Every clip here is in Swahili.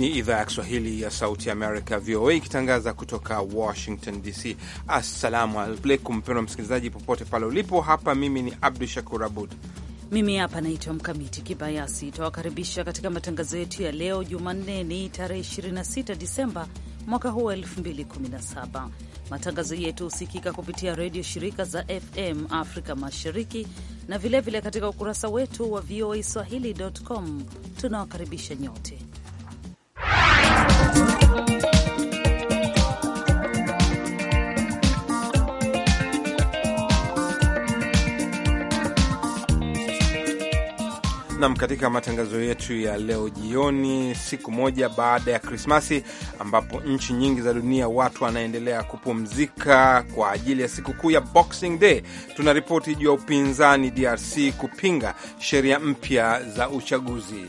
ni idhaa ya Kiswahili ya Sauti ya Amerika, VOA, ikitangaza kutoka Washington DC. Assalamu alaikum, mpendwa msikilizaji, popote pale ulipo. Hapa mimi ni Abdu Shakur Abud, mimi hapa naitwa Mkamiti Kibayasi. Tawakaribisha katika matangazo yetu ya leo Jumanne ni tarehe 26 Disemba mwaka huu wa 2017. Matangazo yetu husikika kupitia redio shirika za FM Afrika Mashariki na vilevile vile katika ukurasa wetu wa VOA swahili.com. Tunawakaribisha nyote. Nam, katika matangazo yetu ya leo jioni, siku moja baada ya Krismasi, ambapo nchi nyingi za dunia watu wanaendelea kupumzika kwa ajili ya sikukuu ya Boxing Day, tuna ripoti juu ya upinzani DRC kupinga sheria mpya za uchaguzi.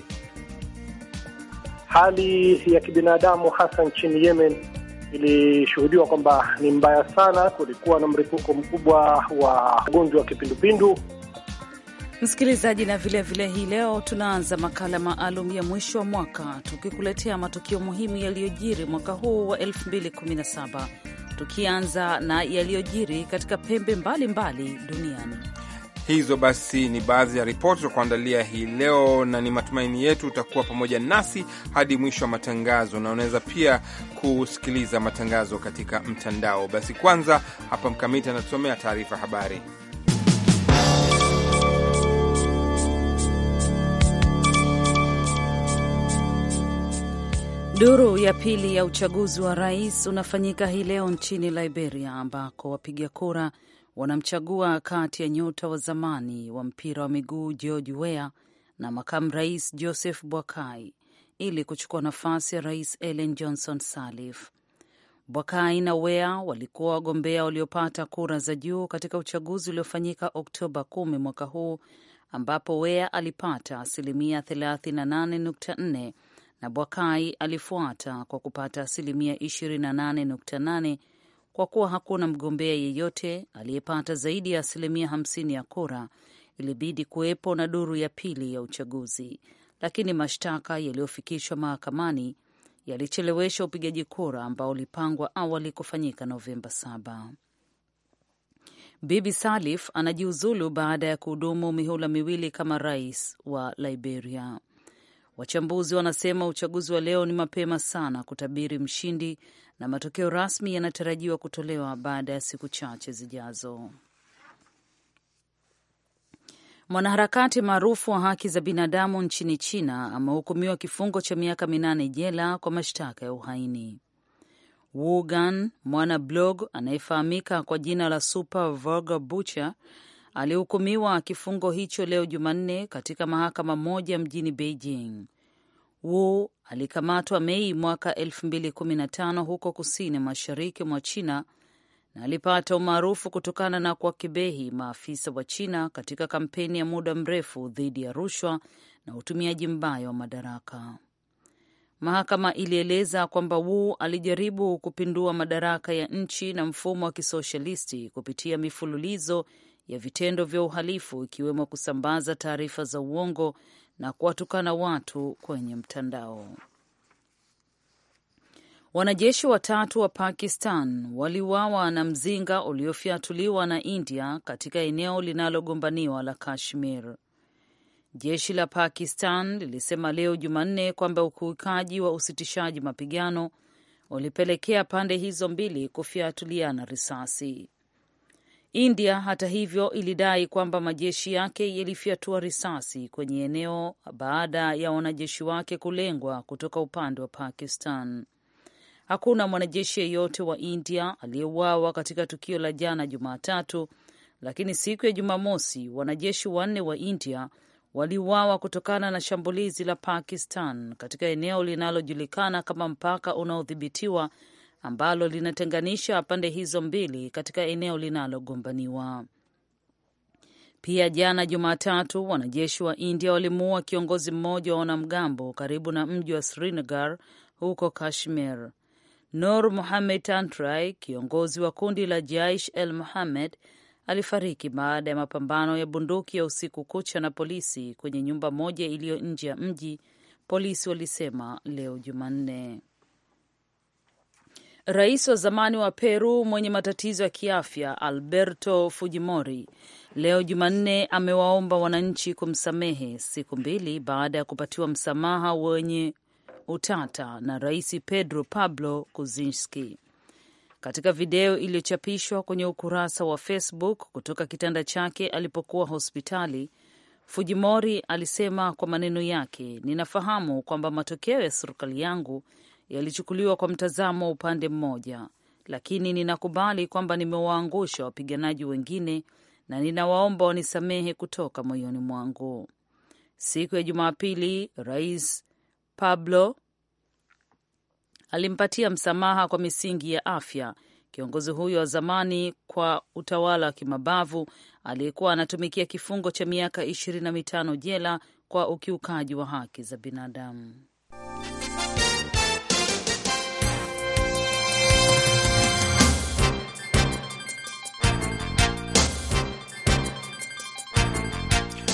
Hali ya kibinadamu hasa nchini Yemen ilishuhudiwa kwamba ni mbaya sana. Kulikuwa na mlipuko mkubwa wa ugonjwa wa kipindupindu msikilizaji, na vilevile hii leo tunaanza makala maalum ya mwisho wa mwaka tukikuletea matukio muhimu yaliyojiri mwaka huu wa 2017 tukianza na yaliyojiri katika pembe mbalimbali mbali duniani. Hizo basi ni baadhi ya ripoti za kuandalia hii leo, na ni matumaini yetu utakuwa pamoja nasi hadi mwisho wa matangazo, na unaweza pia kusikiliza matangazo katika mtandao. Basi kwanza hapa Mkamiti anatusomea taarifa habari. Duru ya pili ya uchaguzi wa rais unafanyika hii leo nchini Liberia, ambako wapiga kura wanamchagua kati ya nyota wa zamani wa mpira wa miguu George Weah na makamu rais Joseph Boakai ili kuchukua nafasi ya rais Ellen Johnson Sirleaf. Boakai na Wea walikuwa wagombea waliopata kura za juu katika uchaguzi uliofanyika Oktoba 10 mwaka huu, ambapo Wea alipata asilimia 38.4 na Boakai alifuata kwa kupata asilimia 28.8 kwa kuwa hakuna mgombea yeyote aliyepata zaidi ya asilimia hamsini ya kura, ilibidi kuwepo na duru ya pili ya uchaguzi, lakini mashtaka yaliyofikishwa mahakamani yalichelewesha upigaji kura ambao ulipangwa awali kufanyika Novemba saba Bibi Salif anajiuzulu baada ya kuhudumu mihula miwili kama rais wa Liberia. Wachambuzi wanasema uchaguzi wa leo ni mapema sana kutabiri mshindi na matokeo rasmi yanatarajiwa kutolewa baada ya siku chache zijazo. Mwanaharakati maarufu wa haki za binadamu nchini China amehukumiwa kifungo cha miaka minane jela kwa mashtaka ya uhaini. Wugan, mwana blog anayefahamika kwa jina la Super Vulgar Butcher alihukumiwa kifungo hicho leo Jumanne katika mahakama moja mjini Beijing. Wu alikamatwa Mei mwaka 2015 huko kusini mashariki mwa China na alipata umaarufu kutokana na kuwakebehi maafisa wa China katika kampeni ya muda mrefu dhidi ya rushwa na utumiaji mbaya wa madaraka. Mahakama ilieleza kwamba Wu alijaribu kupindua madaraka ya nchi na mfumo wa kisoshalisti kupitia mifululizo ya vitendo vya uhalifu ikiwemo kusambaza taarifa za uongo na kuwatukana watu kwenye mtandao. Wanajeshi watatu wa Pakistan waliuawa na mzinga uliofyatuliwa na India katika eneo linalogombaniwa la Kashmir. Jeshi la Pakistan lilisema leo Jumanne kwamba ukiukaji wa usitishaji mapigano ulipelekea pande hizo mbili kufyatuliana risasi. India hata hivyo ilidai kwamba majeshi yake yalifyatua risasi kwenye eneo baada ya wanajeshi wake kulengwa kutoka upande wa Pakistan. Hakuna mwanajeshi yeyote wa India aliyeuawa katika tukio la jana Jumatatu, lakini siku ya Jumamosi wanajeshi wanne wa India waliuawa kutokana na shambulizi la Pakistan katika eneo linalojulikana kama mpaka unaodhibitiwa ambalo linatenganisha pande hizo mbili katika eneo linalogombaniwa. Pia jana Jumatatu, wanajeshi wa India walimuua kiongozi mmoja wa wanamgambo karibu na mji wa Srinagar huko Kashmir. Nur Muhamed Tantrai, kiongozi wa kundi la Jaish el Muhamed, alifariki baada ya mapambano ya bunduki ya usiku kucha na polisi kwenye nyumba moja iliyo nje ya mji, polisi walisema leo Jumanne. Rais wa zamani wa Peru mwenye matatizo ya kiafya Alberto Fujimori leo Jumanne amewaomba wananchi kumsamehe siku mbili baada ya kupatiwa msamaha wenye utata na Rais Pedro Pablo Kuczynski. Katika video iliyochapishwa kwenye ukurasa wa Facebook kutoka kitanda chake alipokuwa hospitali, Fujimori alisema kwa maneno yake, ninafahamu kwamba matokeo ya serikali yangu yalichukuliwa kwa mtazamo wa upande mmoja, lakini ninakubali kwamba nimewaangusha wapiganaji wengine na ninawaomba wanisamehe kutoka moyoni mwangu. Siku ya Jumapili, Rais Pablo alimpatia msamaha kwa misingi ya afya kiongozi huyo wa zamani kwa utawala wa kimabavu aliyekuwa anatumikia kifungo cha miaka ishirini na mitano jela kwa ukiukaji wa haki za binadamu.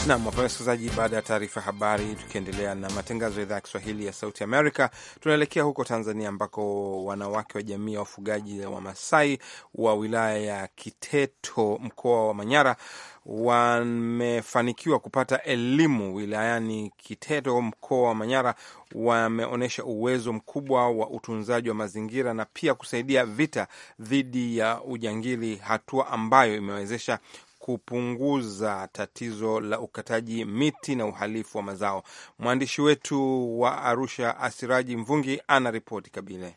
Nam, wapenda wasikilizaji, baada ya taarifa habari, tukiendelea na matangazo ya idhaa ya Kiswahili ya Sauti Amerika, tunaelekea huko Tanzania ambako wanawake wa jamii ya wafugaji wa Masai wa wilaya ya Kiteto mkoa wa Manyara wamefanikiwa kupata elimu wilayani Kiteto mkoa wa Manyara. Wameonyesha uwezo mkubwa wa utunzaji wa mazingira na pia kusaidia vita dhidi ya ujangili, hatua ambayo imewezesha kupunguza tatizo la ukataji miti na uhalifu wa mazao. Mwandishi wetu wa Arusha, Asiraji Mvungi, ana ripoti kabile.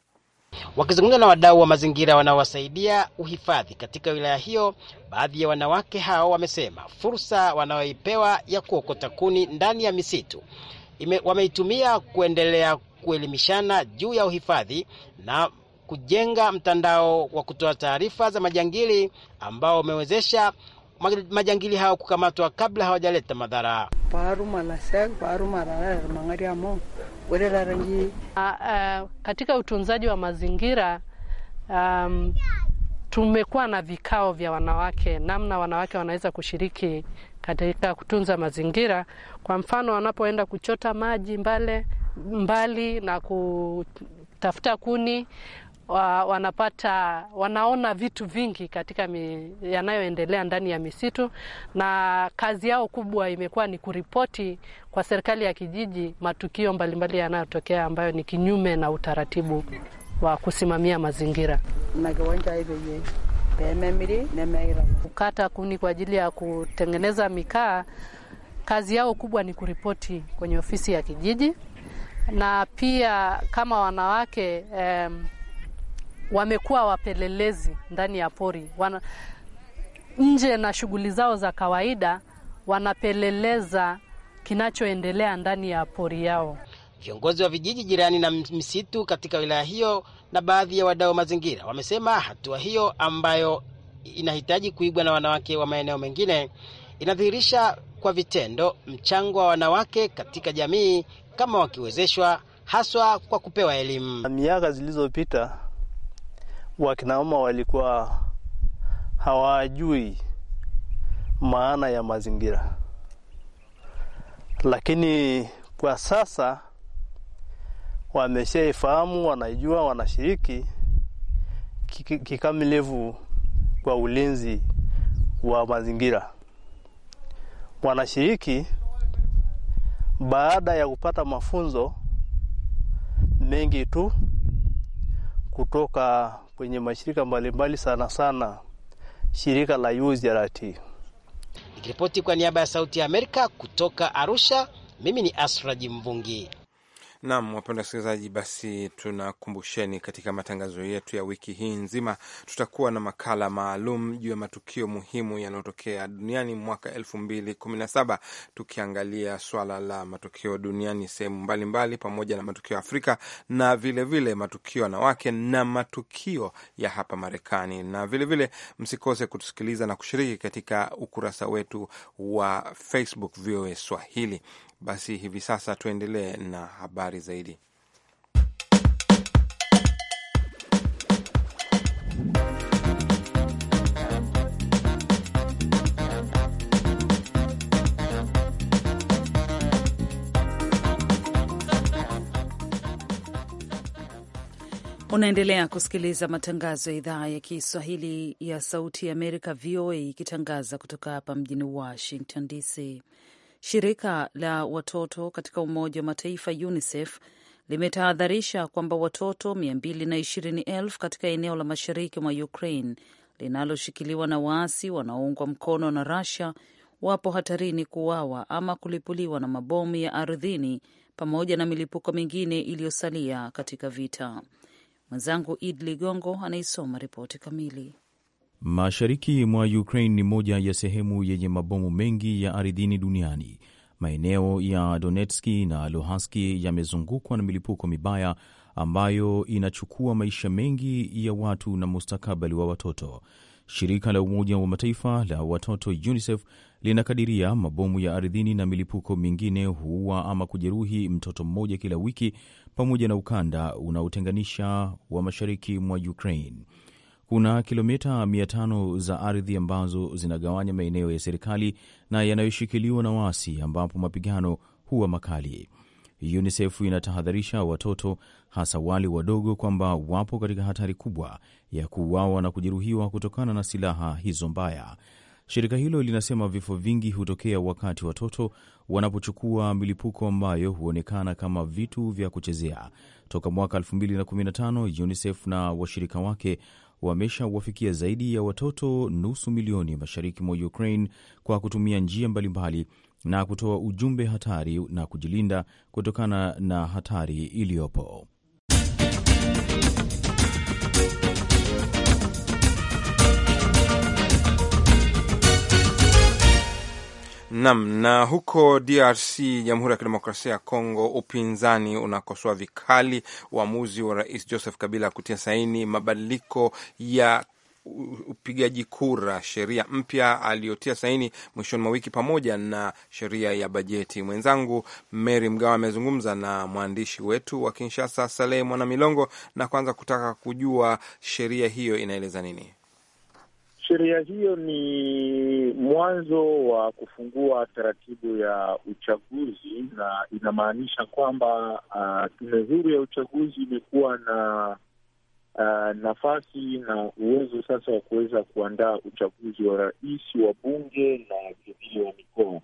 Wakizungumza na wadau wa mazingira wanaowasaidia uhifadhi katika wilaya hiyo, baadhi ya wanawake hao wamesema fursa wanayoipewa ya kuokota kuni ndani ya misitu ime, wameitumia kuendelea kuelimishana juu ya uhifadhi na kujenga mtandao wa kutoa taarifa za majangili ambao umewezesha majangili hao kukamatwa kabla hawajaleta madhara. Ah, ah, katika utunzaji wa mazingira um, tumekuwa na vikao vya wanawake, namna wanawake wanaweza kushiriki katika kutunza mazingira. Kwa mfano, wanapoenda kuchota maji mbali mbali na kutafuta kuni, wa, wanapata wanaona vitu vingi katika yanayoendelea ndani ya misitu, na kazi yao kubwa imekuwa ni kuripoti kwa serikali ya kijiji matukio mbalimbali yanayotokea ambayo ni kinyume na utaratibu wa kusimamia mazingira. Kukata kuni kwa ajili ya kutengeneza mikaa, kazi yao kubwa ni kuripoti kwenye ofisi ya kijiji, na pia kama wanawake eh, wamekuwa wapelelezi ndani ya pori wana, nje na shughuli zao za kawaida wanapeleleza kinachoendelea ndani ya pori yao. Viongozi wa vijiji jirani na misitu katika wilaya hiyo na baadhi ya wadau mazingira wamesema hatua hiyo ambayo inahitaji kuigwa na wanawake wa maeneo mengine inadhihirisha kwa vitendo mchango wa wanawake katika jamii kama wakiwezeshwa, haswa kwa kupewa elimu. Miaka zilizopita wakinamama walikuwa hawajui maana ya mazingira, lakini kwa sasa wameshaifahamu, wanajua, wanashiriki kikamilifu kwa ulinzi wa mazingira. Wanashiriki baada ya kupata mafunzo mengi tu kutoka kwenye mashirika mbalimbali mbali, sana sana shirika la UCRT. Nikiripoti kwa niaba ya Sauti ya Amerika kutoka Arusha, mimi ni Asraji Mvungi. Nam, wapenda wasikilizaji, basi tunakumbusheni katika matangazo yetu ya wiki hii nzima tutakuwa na makala maalum juu ya matukio muhimu yanayotokea duniani mwaka elfu mbili kumi na saba tukiangalia swala la matukio duniani sehemu mbalimbali, pamoja na matukio ya Afrika na vilevile vile matukio wanawake na matukio ya hapa Marekani, na vilevile vile msikose kutusikiliza na kushiriki katika ukurasa wetu wa Facebook VOA Swahili. Basi hivi sasa tuendelee na habari zaidi. Unaendelea kusikiliza matangazo ya idhaa ya Kiswahili ya Sauti ya Amerika, VOA, ikitangaza kutoka hapa mjini Washington DC. Shirika la watoto katika Umoja wa Mataifa UNICEF limetahadharisha kwamba watoto 220,000 katika eneo la mashariki mwa Ukraine linaloshikiliwa na waasi wanaoungwa mkono na Russia wapo hatarini kuuawa ama kulipuliwa na mabomu ya ardhini pamoja na milipuko mingine iliyosalia katika vita. Mwenzangu Id Ligongo anaisoma ripoti kamili. Mashariki mwa Ukraine ni moja ya sehemu yenye mabomu mengi ya ardhini duniani. Maeneo ya Donetski na Luhanski yamezungukwa na milipuko mibaya ambayo inachukua maisha mengi ya watu na mustakabali wa watoto. Shirika la Umoja wa Mataifa la watoto UNICEF linakadiria mabomu ya ardhini na milipuko mingine huua ama kujeruhi mtoto mmoja kila wiki, pamoja na ukanda unaotenganisha wa mashariki mwa Ukraine. Kuna kilomita 500 za ardhi ambazo zinagawanya maeneo ya serikali na yanayoshikiliwa na waasi, ambapo mapigano huwa makali. UNICEF inatahadharisha watoto hasa wale wadogo kwamba wapo katika hatari kubwa ya kuuawa na kujeruhiwa kutokana na silaha hizo mbaya. Shirika hilo linasema vifo vingi hutokea wakati watoto wanapochukua milipuko ambayo huonekana kama vitu vya kuchezea. Toka mwaka 2015 UNICEF na washirika wake wameshawafikia zaidi ya watoto nusu milioni mashariki mwa Ukraine kwa kutumia njia mbalimbali na kutoa ujumbe hatari na kujilinda kutokana na hatari iliyopo. Nam na huko DRC, Jamhuri ya Kidemokrasia ya Kongo, upinzani unakosoa vikali uamuzi wa Rais Joseph Kabila kutia saini mabadiliko ya upigaji kura, sheria mpya aliyotia saini mwishoni mwa wiki, pamoja na sheria ya bajeti. Mwenzangu Mary Mgawa amezungumza na mwandishi wetu wa Kinshasa, Saleh Mwanamilongo, na kwanza kutaka kujua sheria hiyo inaeleza nini. Sheria hiyo ni mwanzo wa kufungua taratibu ya uchaguzi na inamaanisha kwamba uh, tume huru ya uchaguzi imekuwa na uh, nafasi na uwezo sasa wa kuweza kuandaa uchaguzi wa rais, wa bunge na vilevile wa mikoa.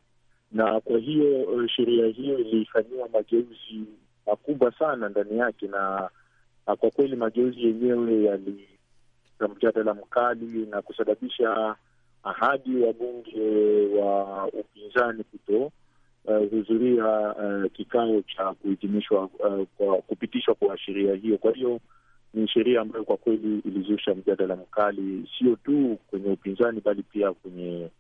Na kwa hiyo uh, sheria hiyo ilifanyiwa mageuzi makubwa sana ndani yake, na uh, kwa kweli mageuzi yenyewe yali za mjadala mkali na kusababisha ahadi wa bunge wa upinzani kuto kuhudhuria eh, uh, eh, uh, kikao cha kuhitimishwa uh, eh, kwa kupitishwa kwa sheria hiyo. Kwa hiyo ni sheria ambayo kwa kweli ilizusha mjadala mkali, sio tu kwenye upinzani, bali pia kwenye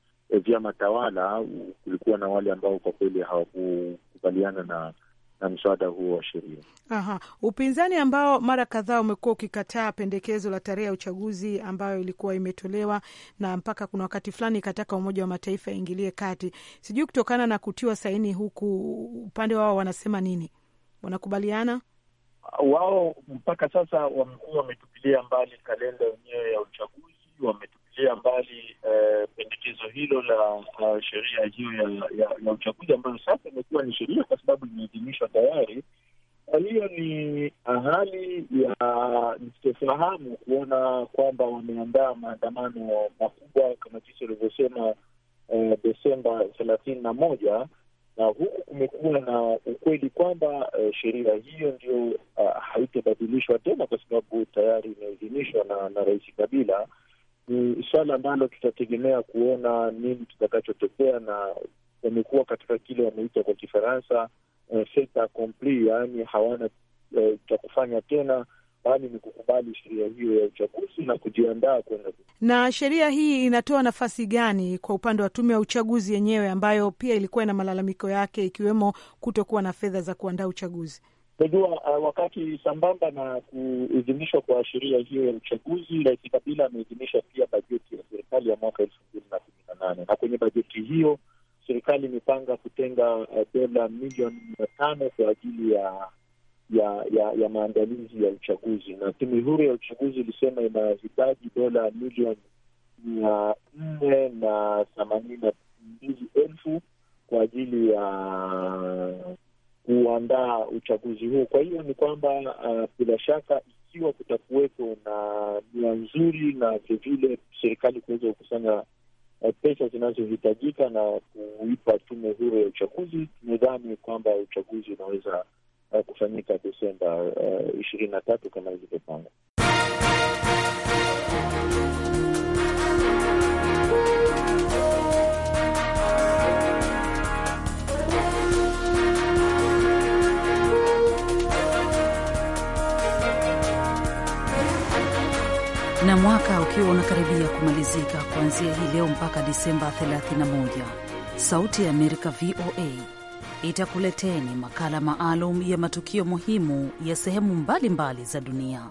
vyama tawala. Kulikuwa na wale ambao kwa kweli hawakukubaliana na na mswada huo wa sheria. Aha, upinzani ambao mara kadhaa umekuwa ukikataa pendekezo la tarehe ya uchaguzi ambayo ilikuwa imetolewa na mpaka kuna wakati fulani ikataka Umoja wa Mataifa aingilie kati, sijui kutokana na kutiwa saini huku, upande wao wanasema nini? Wanakubaliana wao mpaka sasa, wamekuwa wametupilia mbali kalenda yenyewe ya uchaguzi, wametupilia kutupilia mbali eh, pendekezo hilo la uh, sheria hiyo ya, ya, ya uchaguzi ambayo sasa imekuwa ni sheria kwa sababu imeidhinishwa tayari. kwa Hiyo ni hali ya nitofahamu kuona kwamba wameandaa maandamano makubwa kama jinsi walivyosema eh, Desemba thelathini na moja na huku kumekuwa na ukweli kwamba eh, sheria hiyo ndio uh, ah, haitabadilishwa tena kwa sababu tayari imeidhinishwa na, na Rais Kabila ni swala ambalo tutategemea kuona nini tutakachotokea, na wamekuwa katika kile wameita kwa Kifaransa eh, fait accompli, yaani hawana eh, cha kufanya tena bali ni kukubali sheria hiyo ya uchaguzi na kujiandaa kwenda. Na sheria hii inatoa nafasi gani kwa upande wa tume ya uchaguzi yenyewe ambayo pia ilikuwa na malalamiko yake, ikiwemo kutokuwa na fedha za kuandaa uchaguzi? Unajua uh, wakati sambamba na kuidhinishwa kwa sheria hiyo ya uchaguzi, Rais Kabila ameidhinisha pia bajeti ya serikali ya mwaka elfu mbili na kumi na nane na kwenye bajeti hiyo serikali imepanga kutenga uh, dola milioni mia tano kwa ajili ya ya ya, ya maandalizi ya uchaguzi, na tume huru ya uchaguzi ilisema inahitaji dola milioni mia nne na themanini na mbili elfu kwa ajili ya kuandaa uchaguzi huo. Kwa hiyo ni kwamba uh, bila shaka ikiwa kutakuwepo na nia nzuri na vilevile serikali kuweza kukusanya uh, pesa zinazohitajika na kuipa tume huru ya uchaguzi, tumedhani kwamba uchaguzi unaweza uh, kufanyika Desemba uh, ishirini uh, na tatu kama ilivyopangwa. na mwaka ukiwa unakaribia kumalizika kuanzia hii leo mpaka Disemba 31, Sauti ya Amerika VOA itakuleteni makala maalum ya matukio muhimu ya sehemu mbalimbali mbali za dunia.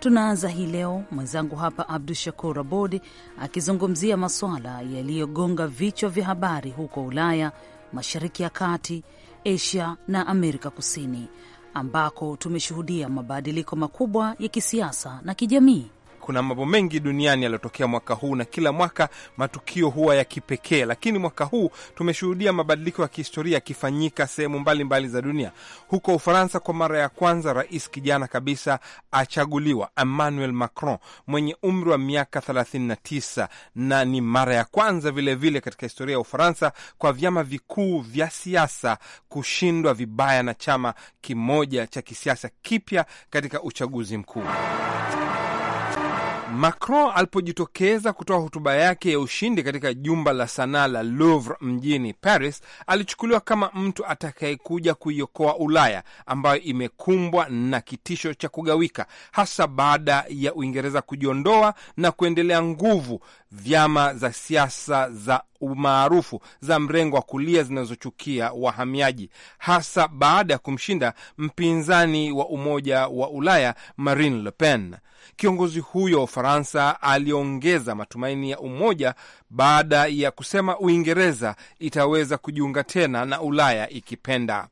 Tunaanza hii leo, mwenzangu hapa Abdu Shakur Abod akizungumzia masuala yaliyogonga vichwa vya habari huko Ulaya, Mashariki ya Kati, Asia na Amerika Kusini, ambako tumeshuhudia mabadiliko makubwa ya kisiasa na kijamii kuna mambo mengi duniani yaliyotokea mwaka huu, na kila mwaka matukio huwa ya kipekee, lakini mwaka huu tumeshuhudia mabadiliko ya kihistoria yakifanyika sehemu mbalimbali za dunia. Huko Ufaransa, kwa mara ya kwanza rais kijana kabisa achaguliwa, Emmanuel Macron mwenye umri wa miaka 39, na ni mara ya kwanza vilevile vile katika historia ya Ufaransa kwa vyama vikuu vya siasa kushindwa vibaya na chama kimoja cha kisiasa kipya katika uchaguzi mkuu. Macron alipojitokeza kutoa hotuba yake ya ushindi katika jumba la sanaa la Louvre mjini Paris, alichukuliwa kama mtu atakayekuja kuiokoa Ulaya ambayo imekumbwa na kitisho cha kugawika, hasa baada ya Uingereza kujiondoa na kuendelea nguvu vyama za siasa za umaarufu za mrengo wa kulia zinazochukia wahamiaji, hasa baada ya kumshinda mpinzani wa Umoja wa Ulaya Marine Le Pen. Kiongozi huyo wa Ufaransa aliongeza matumaini ya umoja baada ya kusema Uingereza itaweza kujiunga tena na Ulaya ikipenda.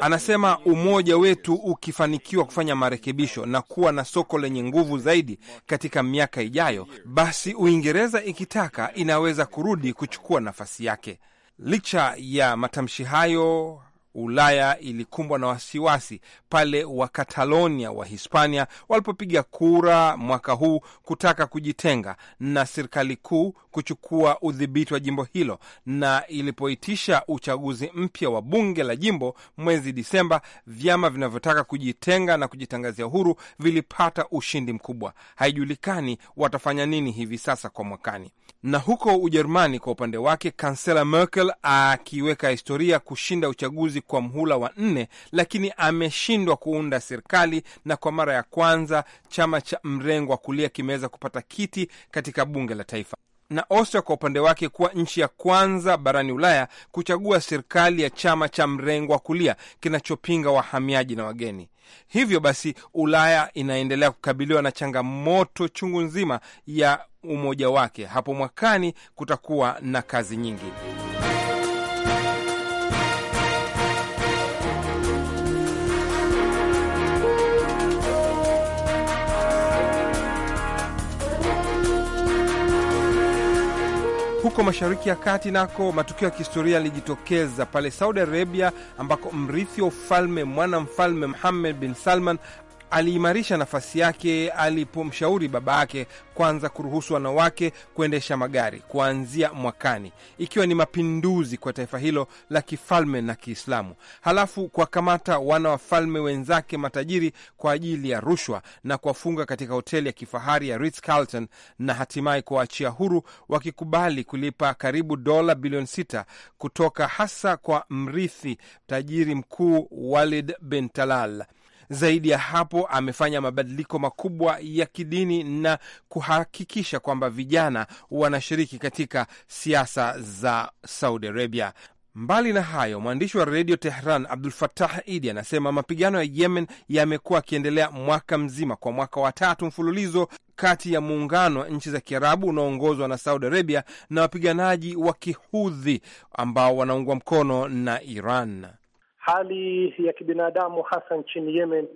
Anasema umoja wetu ukifanikiwa kufanya marekebisho na kuwa na soko lenye nguvu zaidi katika miaka ijayo, basi Uingereza ikitaka inaweza kurudi kuchukua nafasi yake. Licha ya matamshi hayo Ulaya ilikumbwa na wasiwasi pale Wakatalonia wa Hispania walipopiga kura mwaka huu kutaka kujitenga na serikali kuu kuchukua udhibiti wa jimbo hilo, na ilipoitisha uchaguzi mpya wa bunge la jimbo mwezi Disemba, vyama vinavyotaka kujitenga na kujitangazia uhuru vilipata ushindi mkubwa. Haijulikani watafanya nini hivi sasa kwa mwakani. Na huko Ujerumani kwa upande wake, kansela Merkel akiweka historia kushinda uchaguzi kwa mhula wa nne, lakini ameshindwa kuunda serikali, na kwa mara ya kwanza chama cha mrengo wa kulia kimeweza kupata kiti katika bunge la taifa na Austria kwa upande wake kuwa nchi ya kwanza barani Ulaya kuchagua serikali ya chama cha mrengo wa kulia kinachopinga wahamiaji na wageni. Hivyo basi, Ulaya inaendelea kukabiliwa na changamoto chungu nzima ya umoja wake. Hapo mwakani kutakuwa na kazi nyingi. Huko Mashariki ya Kati nako matukio ya kihistoria yalijitokeza pale Saudi Arabia, ambako mrithi wa ufalme mwana mfalme muhammed bin Salman aliimarisha nafasi yake alipomshauri baba yake kwanza kuruhusu wanawake kuendesha magari kuanzia mwakani, ikiwa ni mapinduzi kwa taifa hilo la kifalme na Kiislamu, halafu kuwakamata wana wafalme wenzake matajiri kwa ajili ya rushwa na kuwafunga katika hoteli ya kifahari ya Ritz Carlton, na hatimaye kuwaachia huru wakikubali kulipa karibu dola bilioni sita kutoka hasa kwa mrithi tajiri mkuu Walid bin Talal. Zaidi ya hapo, amefanya mabadiliko makubwa ya kidini na kuhakikisha kwamba vijana wanashiriki katika siasa za Saudi Arabia. Mbali na hayo, mwandishi wa redio Tehran Abdul Fattah Idi anasema mapigano ya Yemen yamekuwa yakiendelea mwaka mzima kwa mwaka wa tatu mfululizo kati ya muungano wa nchi za Kiarabu unaoongozwa na Saudi Arabia na wapiganaji wa Kihudhi ambao wanaungwa mkono na Iran. Hali ya kibinadamu hasa nchini Yemen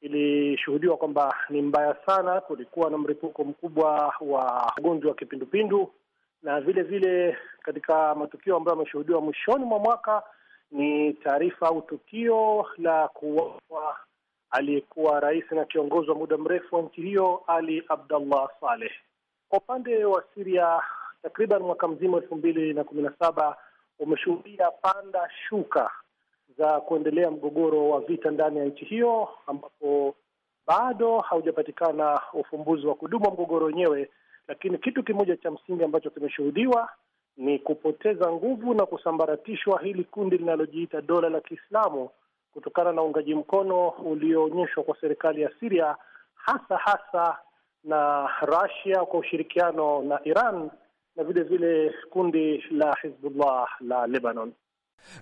ilishuhudiwa kwamba ni mbaya sana. Kulikuwa na mripuko mkubwa wa ugonjwa wa kipindupindu, na vile vile katika matukio ambayo yameshuhudiwa mwishoni mwa mwaka ni taarifa au tukio la kuwawa aliyekuwa rais na kiongozi wa muda mrefu wa nchi hiyo Ali abdullah Saleh. Kwa upande wa Siria, takriban mwaka mzima elfu mbili na kumi na saba umeshuhudia panda shuka za kuendelea mgogoro wa vita ndani ya nchi hiyo, ambapo bado haujapatikana ufumbuzi wa kudumu wa mgogoro wenyewe. Lakini kitu kimoja cha msingi ambacho kimeshuhudiwa ni kupoteza nguvu na kusambaratishwa hili kundi linalojiita dola la Kiislamu kutokana na uungaji mkono ulioonyeshwa kwa serikali ya Siria hasa hasa na rasia kwa ushirikiano na Iran na vile vile kundi la Hizbullah la Lebanon.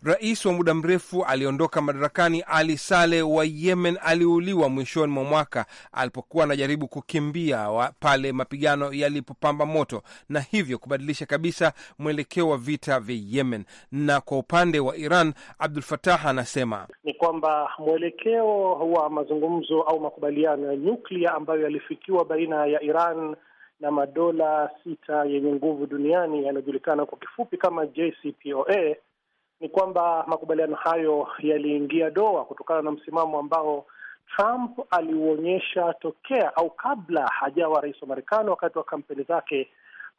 Rais wa muda mrefu aliondoka madarakani Ali Saleh wa Yemen aliuliwa mwishoni mwa mwaka alipokuwa anajaribu kukimbia pale mapigano yalipopamba moto, na hivyo kubadilisha kabisa mwelekeo wa vita vya Yemen. Na kwa upande wa Iran, Abdul Fatah anasema ni kwamba mwelekeo wa mazungumzo au makubaliano ya nyuklia ambayo yalifikiwa baina ya Iran na madola sita yenye nguvu duniani yanayojulikana kwa kifupi kama JCPOA ni kwamba makubaliano hayo yaliingia doa kutokana na msimamo ambao Trump aliuonyesha tokea au kabla hajawa rais wa Marekani. Wakati wa kampeni zake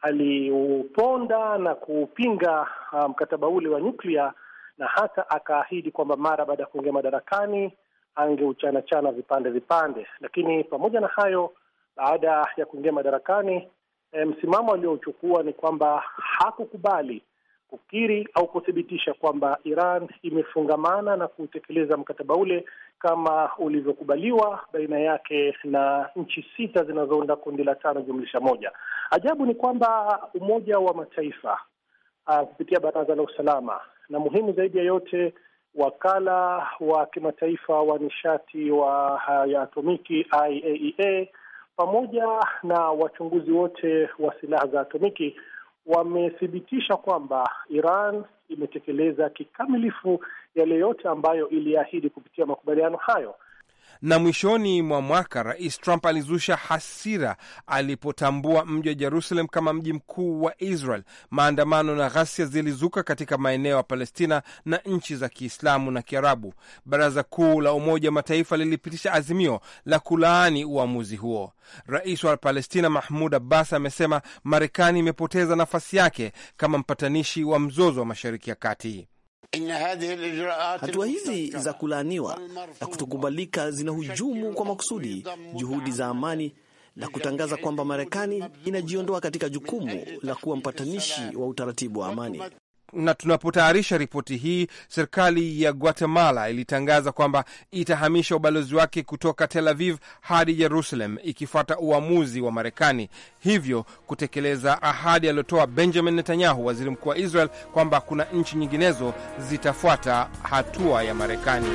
aliuponda na kuupinga uh, mkataba um, ule wa nyuklia, na hata akaahidi kwamba mara baada ya kuingia madarakani angeuchanachana vipande vipande. Lakini pamoja na hayo, baada ya kuingia madarakani e, msimamo aliochukua ni kwamba hakukubali kukiri au kuthibitisha kwamba Iran imefungamana na kutekeleza mkataba ule kama ulivyokubaliwa baina yake na nchi sita zinazounda kundi la tano jumlisha moja. Ajabu ni kwamba Umoja wa Mataifa uh, kupitia Baraza la Usalama na muhimu zaidi ya yote wakala wa kimataifa wa nishati wa ya atomiki IAEA e pamoja na wachunguzi wote wa silaha za atomiki wamethibitisha kwamba Iran imetekeleza kikamilifu yale yote ambayo iliahidi kupitia makubaliano hayo. Na mwishoni mwa mwaka Rais Trump alizusha hasira alipotambua mji wa Jerusalem kama mji mkuu wa Israel. Maandamano na ghasia zilizuka katika maeneo ya Palestina na nchi za Kiislamu na Kiarabu. Baraza Kuu la Umoja wa Mataifa lilipitisha azimio la kulaani uamuzi huo. Rais wa Palestina Mahmud Abbas amesema Marekani imepoteza nafasi yake kama mpatanishi wa mzozo wa Mashariki ya Kati. Hatua hizi za kulaaniwa na kutokubalika zinahujumu kwa makusudi juhudi za amani na kutangaza kwamba Marekani inajiondoa katika jukumu la kuwa mpatanishi wa utaratibu wa amani na tunapotayarisha ripoti hii, serikali ya Guatemala ilitangaza kwamba itahamisha ubalozi wake kutoka Tel Aviv hadi Jerusalem, ikifuata uamuzi wa Marekani, hivyo kutekeleza ahadi aliyotoa Benjamin Netanyahu, waziri mkuu wa Israel, kwamba kuna nchi nyinginezo zitafuata hatua ya Marekani.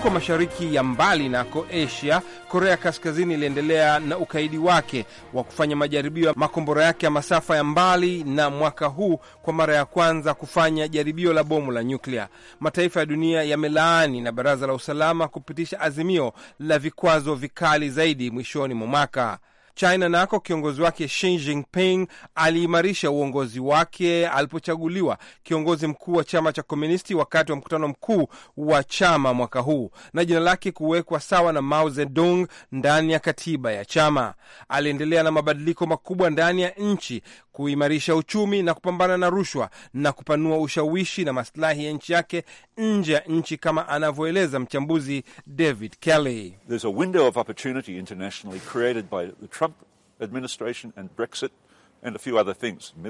Huko mashariki ya mbali nako Asia, Korea Kaskazini iliendelea na ukaidi wake wa kufanya majaribio ya makombora yake ya masafa ya mbali, na mwaka huu kwa mara ya kwanza kufanya jaribio la bomu la nyuklia. Mataifa ya dunia yamelaani na Baraza la Usalama kupitisha azimio la vikwazo vikali zaidi mwishoni mwa mwaka. China nako kiongozi wake Xi Jinping aliimarisha uongozi wake alipochaguliwa kiongozi mkuu wa chama cha Komunisti wakati wa mkutano mkuu wa chama mwaka huu, na jina lake kuwekwa sawa na Mao Zedong ndani ya katiba ya chama. Aliendelea na mabadiliko makubwa ndani ya nchi kuimarisha uchumi na kupambana na rushwa na kupanua ushawishi na masilahi ya nchi yake nje ya nchi, kama anavyoeleza mchambuzi David Kelly. There's a window of opportunity internationally created by the Trump administration and Brexit.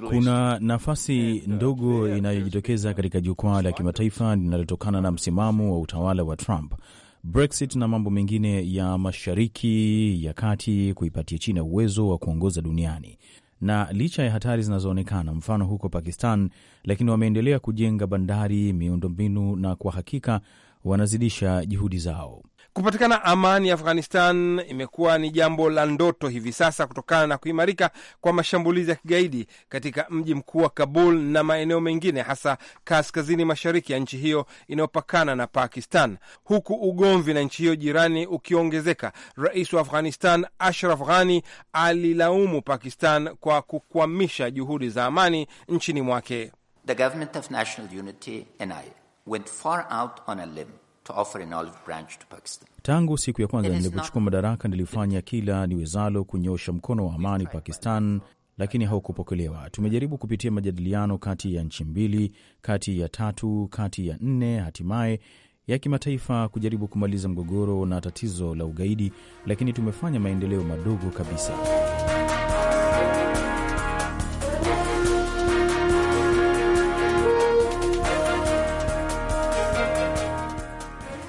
Kuna nafasi uh, ndogo inayojitokeza katika jukwaa la kimataifa linalotokana na msimamo wa utawala wa Trump, Brexit na mambo mengine ya Mashariki ya Kati kuipatia China uwezo wa kuongoza duniani na licha ya hatari zinazoonekana, mfano huko Pakistan, lakini wameendelea kujenga bandari, miundombinu na kwa hakika wanazidisha juhudi zao. Kupatikana amani Afghanistan imekuwa ni jambo la ndoto hivi sasa kutokana na kuimarika kwa mashambulizi ya kigaidi katika mji mkuu wa Kabul na maeneo mengine, hasa kaskazini mashariki ya nchi hiyo inayopakana na Pakistan, huku ugomvi na nchi hiyo jirani ukiongezeka. Rais wa Afghanistan Ashraf Ghani alilaumu Pakistan kwa kukwamisha juhudi za amani nchini mwake. The Tangu siku ya kwanza nilipochukua madaraka, nilifanya kila niwezalo kunyosha mkono wa amani Pakistan, lakini haukupokelewa. Tumejaribu kupitia majadiliano kati ya nchi mbili, kati ya tatu, kati ya nne, hatimaye ya kimataifa kujaribu kumaliza mgogoro na tatizo la ugaidi, lakini tumefanya maendeleo madogo kabisa.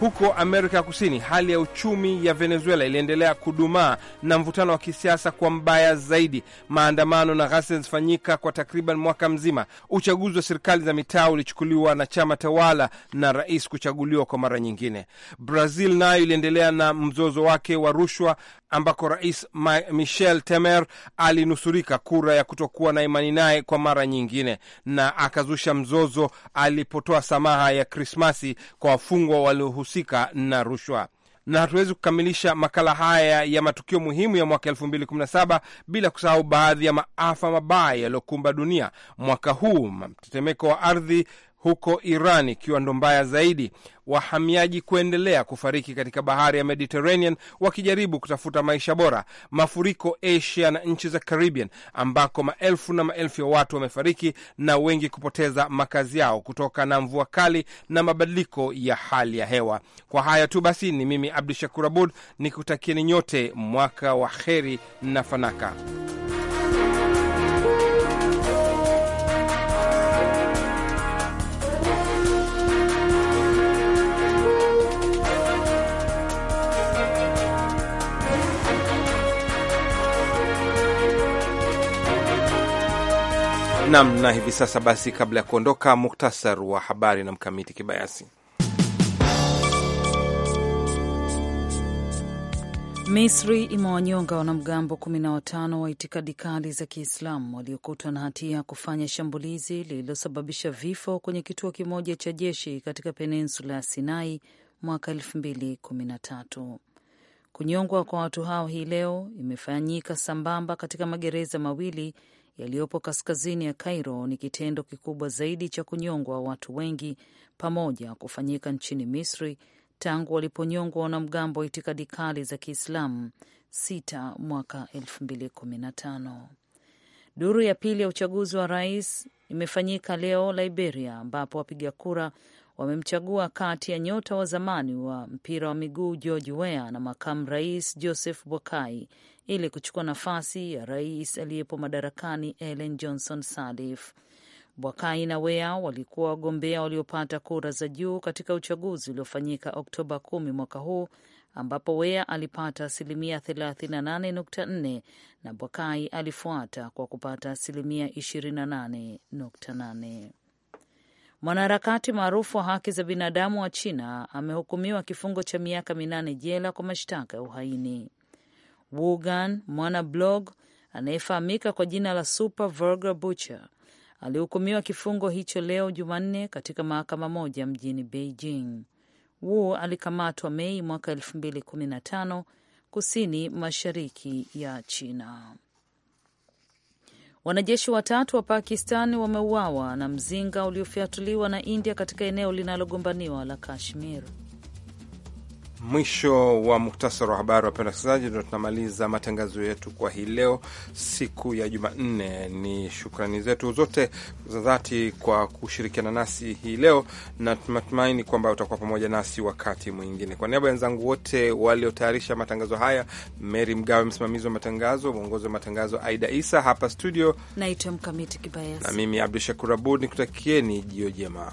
Huko Amerika ya Kusini, hali ya uchumi ya Venezuela iliendelea kudumaa na mvutano wa kisiasa kwa mbaya zaidi. Maandamano na ghasia zilifanyika kwa takriban mwaka mzima. Uchaguzi wa serikali za mitaa ulichukuliwa na chama tawala na rais kuchaguliwa kwa mara nyingine. Brazil nayo iliendelea na mzozo wake wa rushwa ambako rais Michel Temer alinusurika kura ya kutokuwa na imani naye kwa mara nyingine, na akazusha mzozo alipotoa samaha ya Krismasi kwa wafungwa waliohusika na rushwa na hatuwezi kukamilisha makala haya ya matukio muhimu ya mwaka 2017 bila kusahau baadhi ya maafa mabaya yaliyokumba dunia mwaka huu: mtetemeko wa ardhi, huko Iran ikiwa ndo mbaya zaidi, wahamiaji kuendelea kufariki katika bahari ya Mediterranean wakijaribu kutafuta maisha bora, mafuriko Asia na nchi za Caribbean ambako maelfu na maelfu ya watu wamefariki na wengi kupoteza makazi yao kutoka na mvua kali na mabadiliko ya hali ya hewa. Kwa haya tu basi, ni mimi Abdu Shakur Abud nikutakieni nyote mwaka wa kheri na fanaka. nam. Na hivi sasa basi, kabla ya kuondoka, muktasar wa habari na Mkamiti Kibayasi. Misri imewanyonga wanamgambo kumi na watano wa itikadi kali za Kiislamu waliokutwa na hatia ya kufanya shambulizi lililosababisha vifo kwenye kituo kimoja cha jeshi katika peninsula ya Sinai mwaka 213 Kunyongwa kwa watu hao hii leo imefanyika sambamba katika magereza mawili yaliyopo kaskazini ya Cairo ni kitendo kikubwa zaidi cha kunyongwa watu wengi pamoja kufanyika nchini Misri tangu waliponyongwa wanamgambo wa itikadi kali za Kiislamu sita mwaka Duru ya pili ya uchaguzi wa rais imefanyika leo Liberia, ambapo wapiga kura wamemchagua kati ya nyota wa zamani wa mpira wa miguu George Weah na makamu rais Joseph Boakai ili kuchukua nafasi ya rais aliyepo madarakani Ellen Johnson Sirleaf. Bwakai na Wea walikuwa wagombea waliopata kura za juu katika uchaguzi uliofanyika Oktoba 1 mwaka huu ambapo Wea alipata asilimia 38.4 na Bwakai alifuata kwa kupata asilimia 28.8. Mwanaharakati maarufu wa haki za binadamu wa China amehukumiwa kifungo cha miaka minane jela kwa mashtaka ya uhaini. Wugan, mwana blog anayefahamika kwa jina la Super Vulgar Butcher alihukumiwa kifungo hicho leo Jumanne katika mahakama moja mjini Beijing. Wu alikamatwa Mei mwaka 2015 kusini mashariki ya China. Wanajeshi watatu wa Pakistan wameuawa na mzinga uliofyatuliwa na India katika eneo linalogombaniwa la Kashmir. Mwisho wa muktasari wa habari. Wapenda wasikilizaji, ndo tunamaliza matangazo yetu kwa hii leo, siku ya Jumanne. Ni shukrani zetu zote za dhati kwa kushirikiana nasi hii leo, na tunatumaini kwamba utakuwa pamoja nasi wakati mwingine. Kwa niaba ya wenzangu wote waliotayarisha matangazo haya, Mary Mgawe msimamizi wa matangazo, mwongozi wa matangazo Aida Isa hapa studio, naitwa Mkamiti Kibayasi na mimi Abdu Shakur Abud nikutakieni jio jema.